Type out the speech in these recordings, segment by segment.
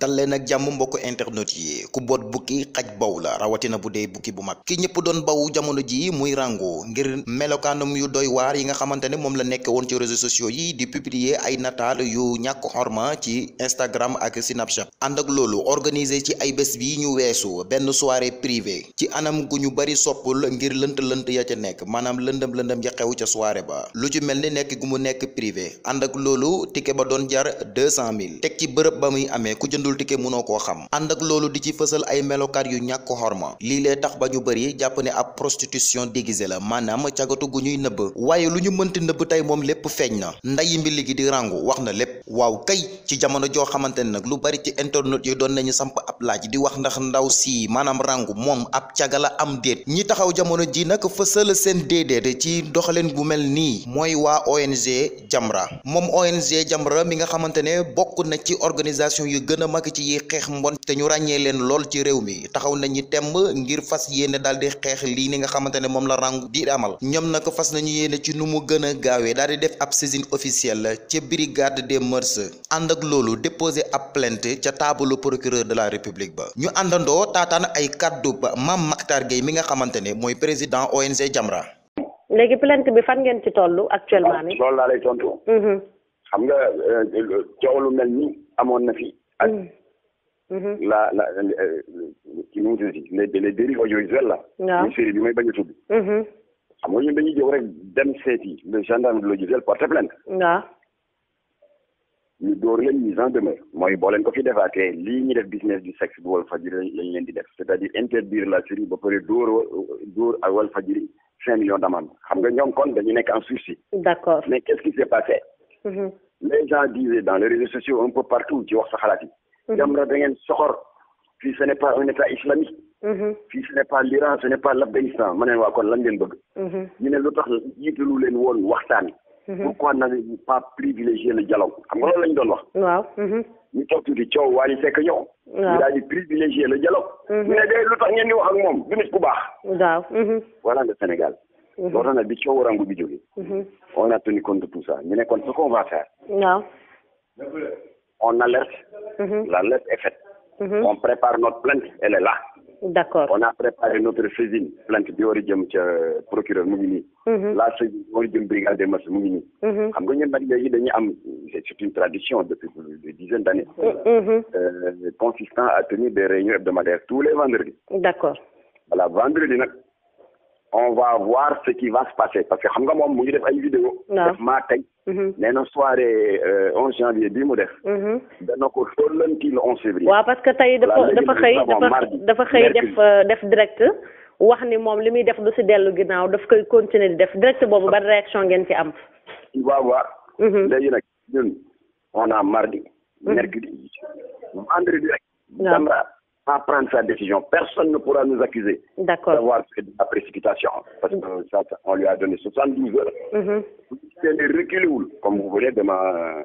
dal leen ak jàmm mbokk internet yi ku boot bukki xaj baw la rawatina bu dee bukki bu mag ki ñëpp doon bow jamono ji muy rango ngir melokaanam yu doy waar yi nga xamante ne moom la nekk woon ci réseaux sociaux yi di publier ay nataal yu ñàkk xorma ci Instagram ak Snapchat ànd ak loolu organiser ci ay bés bi ñu weesu benn soirée privée ci anam gu ñu bari soppul ngir lënt-lënt ya ca nekk maanaam lëndëm-lëndëm ya xew ca soirée ba lu ci mel ni nekk gu mu nekk privé ànd ak loolu ticket ba doon jar deux dul tike koo xam ànd loolu di ci fësal ay melokaat yu ñàkk xorma lii lee tax ba ñu bëri jàpp ne ab prostitution déguisée la maanaam cagatu gu ñuy nëbb waaye lu ñu mënti nëbb tey moom lépp feeñ na ndayi mbili gi di ràngu wax na lépp waaw kay ci jamono joo xamante ne nag lu bari ci internet yi doon nañu samp ab laaj di wax ndax ndaw si maanaam ràngu moom ab cagala am déet ñi taxaw jamono ji nag fësal seen déedéet ci doxalin bu mel nii mooy wa ONG Jamra moom ONG a ak ci yi xeex mbon te ñu ràññee ne moom la rangu di amal ñoom nag fas nañu yéene ci nu mu gën a gaawee daal ca brigade des mœurs ànd ak loolu déposé ab plainte ca taabalu procureur de la république ba ñu àndandoo taataan ay kàddu ba Mame Mactar Gueye mi nga xamante ne mooy président ONG Jamra léegi plainte bi fan ngeen ci toll actuellement ni loolu laa lay tontu mhm. xam nga euh, euh, coow lu mel ni amoon na fi ak mm-hmm. la la ci nu mu tuddati les les dérives la. waaw muy série bi may bañ a tudd. Mm-hmm. xam nga ñun dañuy jóg rek dem seeti le gendarme de l'audiovisuel porte plainte. waaw. ñu door leen mise en demeure mooy boo leen ko fi defaatee lii ñu def business du sexe bu Walfadjri lañ leen di def c'est-à-dire interdire la série ba pare dóor a ak Walfadjri cinq millions d'amende xam nga ñoom kon dañu nekk en sursis. d'accord mais quest qui s'est passé. mm les gens dans les réseaux sociaux un peu partout ci wax sa xalaat yi. Mhm. Jamra da ngeen soxor. fii ce n'est pas un état islamique. Mhm. fii ce n'est pas l'Iran ce n'est pas l'Afghanistan ma waa kon lan ngeen bëgg. Mhm. ñu lu tax jiitalu leen woon waxtaan. pourquoi n'avez-vous privilégié le dialogue xam nga loolu lañ doon wax. waaw. ñu toog tuuti coow waa ñu fekk ñëw. waaw ñu daal di privilégié le dialogue. ñu ne de lu tax ngeen di wax ak moom du nit ku baax. waaw. voilà le Sénégal. Mhm. loolu tax nag bi coow rangu bi mhm. on a tenu compte de tout ça ñu ne kon ce qu'on va faire. waaw. on alerte. Mhm. l'alerte est faite. on prépare notre plainte elle est là. d'accord on a préparé notre saisine plainte bi war a jëm ca procureur mu ngi nii. la saisine bi war a jëm brigade des mœurs mu ngi nii. xam nga ñun nag léegi dañuy am c'est une tradition depuis des dizaines d'années. Euh, consistant a tenir des réunions hebdomadaires tous les vendredis. d'accord voilà vendredi nag. on va voir ce qui va se passer parce que xam nga moom mu ngi def ay vidéo def maa tey mhm. nee na soirée euh, onze janvier bii mu def mhm. dana ko tollanti le onze février waaw parce que tey dafa dafa xëy dafa dafa xëy def euh, def direct wax ni moom li muy def du si dellu ginnaaw daf koy continuer di def direct boobu ban réaction ngeen ci am il va voir mhm. léegi nag ñun on a mardi mercredi vendredi rek sans prendre sa décision. Personne ne pourra nous accuser d'avoir fait de la précipitation. Parce que ça, on lui a donné 72 heures. C'est le reculewul, comme vous voulez de ma,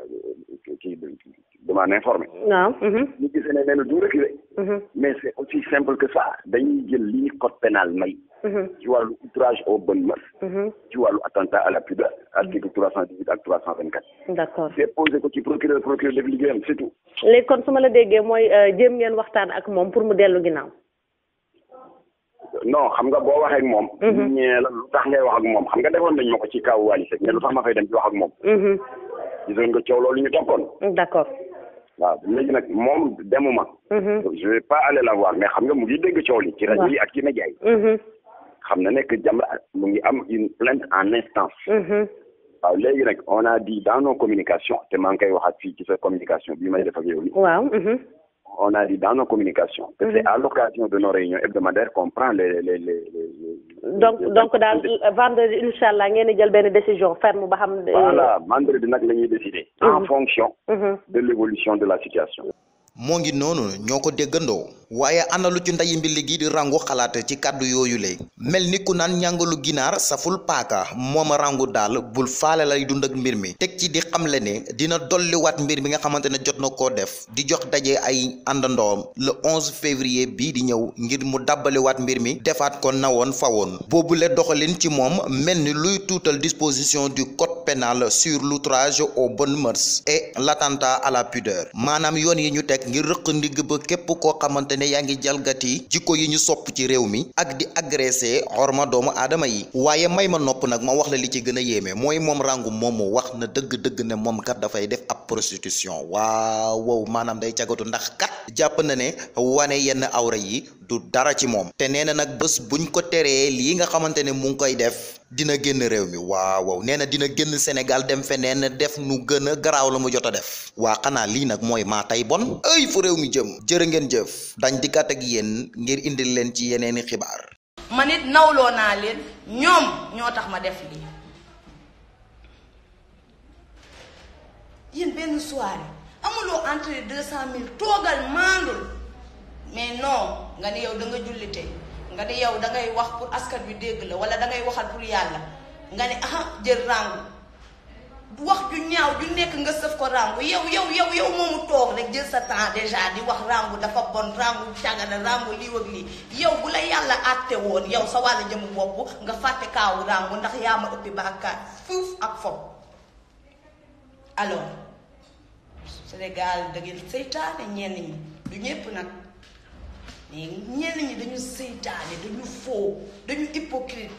qui, de m'en informer. waaw. ñu gis ne nee na du reculer. Mm-hmm. mais c'est aussi simple que ça dañuy jël li ñu code pénal may. Mhm. ci wàllu outrage aux bonnes mœurs mhm. ci wàllu attentat à la pudeur article trois cent dix huit ak trois cent vingt quatre d'accord déposé ko ci procureur procureur def liggéeyam c'est léegi kon su ma la déggee mooy euh, jéem ngeen waxtaan ak moom pour mu dellu ginnaaw non xam nga boo waxee ak moom mhm. la lu tax ngay wax ak moom xam nga defoon nañ ma ko ci kaw Wally Seck lu tax ma fay dem ci wax ak moom gisoon nga coow loolu ñu toppoon d'accord waaw léegi nag moom demuma je vais pas aller la voir mais xam nga mu ngi ak ci média xam na ne que Jamra mu ngi am une plainte en instance. Mm-hmm. waaw léegi nag on a dit dans nos communications te maa ngi koy waxaat fii ci sa communication bi may def ak yow nii. waaw. Mm-hmm. on a dit dans nos communications. que c'est mm-hmm. à l'occasion de nos réunions hebdomadaires qu'on prend les les les les. donc donc daal euh, vendredi incha allah ngeen di jël benn décision ferme ba xam. voilà vendredi nag la ñuy décider. en fonction. de l'évolution de la situation. moo ngi noonu ñoo ko déggandoo waaye ana lu ci ndeyi mbi gi di rangu xalaat ci kàddu yooyu le mel ni ku naan ñàngalu ginaar saful paaka moom a rangu daal bul faale lay dund ak mbir mi teg ci di xamle ne dina dolliwaat mbir mi nga xamante ne jot na koo def di jox daje ay àndandoom le 11 février bii di ñëw ngir mu dàbbaliwaat mbir mi defaat ko nawoon fawoon boobule doxalin ci moom mel ni luy tuutal disposition du code pénal sur l'outrage aux bonnes mœurs et l'attentat maanaam yoon yi ñu teg ngir rëq ndigg ba képp koo xamante ne yaa ngi jalgati jikko yi ñu sopp ci réew mi ak di agressé ma doomu aadama yi waaye may ma nopp nag ma wax la li ci gën a yéeme mooy moom Rangou moomu wax na dëgg-dëgg ne moom kat dafay def ab prostitution waaw wow maanaam day cagatu ndax kat jàpp na ne wane yenn awra yi du dara ci moom te nee na nag bés buñ ko teree lii nga xamante ne mu ngi koy def dina génn réew mi waaw waaw nee na dina génn Sénégal dem feneen def nu gën a garaaw la mu jot a def waa xanaa lii nag mooy maa tey bon ay fu réew mi jëm jërë ngeen jëf dañ dikkaat ak yéen ngir indil leen ci yeneeni xibaar ma it nawloo naa leen ñoom ñoo tax ma def lii yéen benn soirée amuloo entre deux cent mille toogal maandul mais non nga ne yow da nga nga ne yow da ngay wax pour askan wi dégg la wala dangay ngay waxal pour yàlla nga ne ah jël rangu wax ju ñaaw ju nekk nga sëf ko rangu yow yow yow yow moomu toog rek sa temps déjà di wax rangu dafa bon rangu càggana rangu lii yow bu la yàlla àtte woon yow sa wàll jëmu bopp nga fàtte kaawu rangu ndax yaa ma ëppi bàkkaar fuuf ak fob alors Sénégal da ngeen seytaane ñi du ñépp nag mais ñenn ñi dañu seytaane dañu faux dañu hypocrite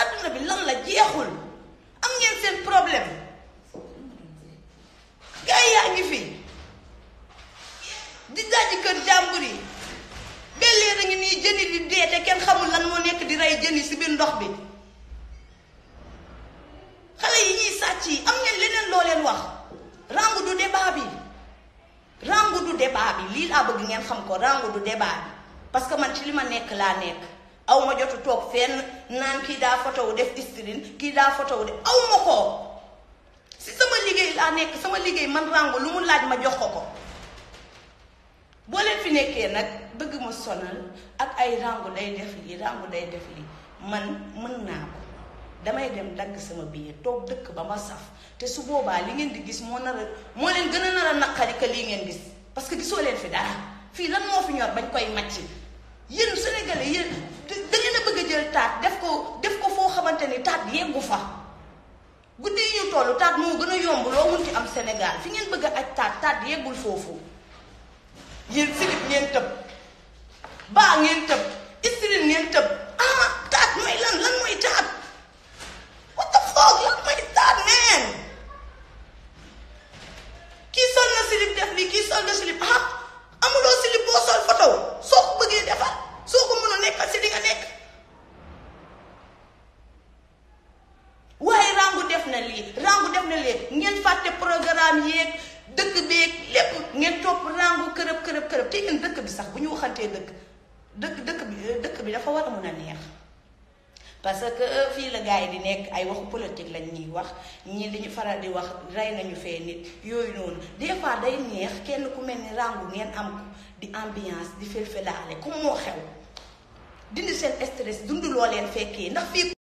adduna bi lan la jeexul am ngeen seen problème gars yi yaa ngi fi di dajji kër jàmbur yi bellee da ngi nii jëni di dee te kenn xamul lan moo nekk di rey jëni si biir ndox bi lii laa bëgg ngeen xam ko rango du débat bi parce que man ci li ma nekk laa nekk aw ma jotu toog fenn naan kii daa fotow def istirin kii daa fotow de aw ma ko si sama liggéey laa nekk sama liggéey man rango lu mu laaj ma jox ko ko boo leen fi nekkee nag bëgg ma sonal ak ay rango day def lii rango day def lii man mën naa ko damay dem dagg sama billet toog dëkk ba ma saf te su boobaa li ngeen di gis moo nar moo leen gën a nar a naqari ka lii ngeen gis parce que gisoo leen fi dara fii lan moo fi ñor bañ koy màcc yéen sénégalais yéen da ngeen a bëgg a jël taat def ko def ko foo xamante ni taat yeggu fa guddi yi ñu toll taat moo gën a yomb loo munti am Sénégal fi ngeen bëgg ak aj taat taat yeggul foofu yéen silib ngeen tëb baa ngeen tëb istirin ngeen tëb ah taat mooy lan lan mooy taat what the lan mooy taat neen kii sonn bii kii sol na slip ah amuloo slip boo sol photo soo ko bëggee defar soo ko mën a nekkal si li nga nekk waaye rangu def na lii rangu def na lii ngeen fàtte programme yeeg dëkk beeg lekk ngeen topp rangu kërëb kërëb kërëb te ngeen dëkk bi sax bu ñu waxantee dëkk dëkk dëkk bi dëkk bi dafa war a a neex parce que euh, fii la gars yi di nekk ay waxu politique lañ ñuy wax ñii li ñu faral di wax rey nañu fee nit yooyu noonu des day neex kenn ku mel ni ràngu ngeen am ko di ambiance di felfelaale comme moo xew dindi seen stress dund loo leen fekkee ndax fii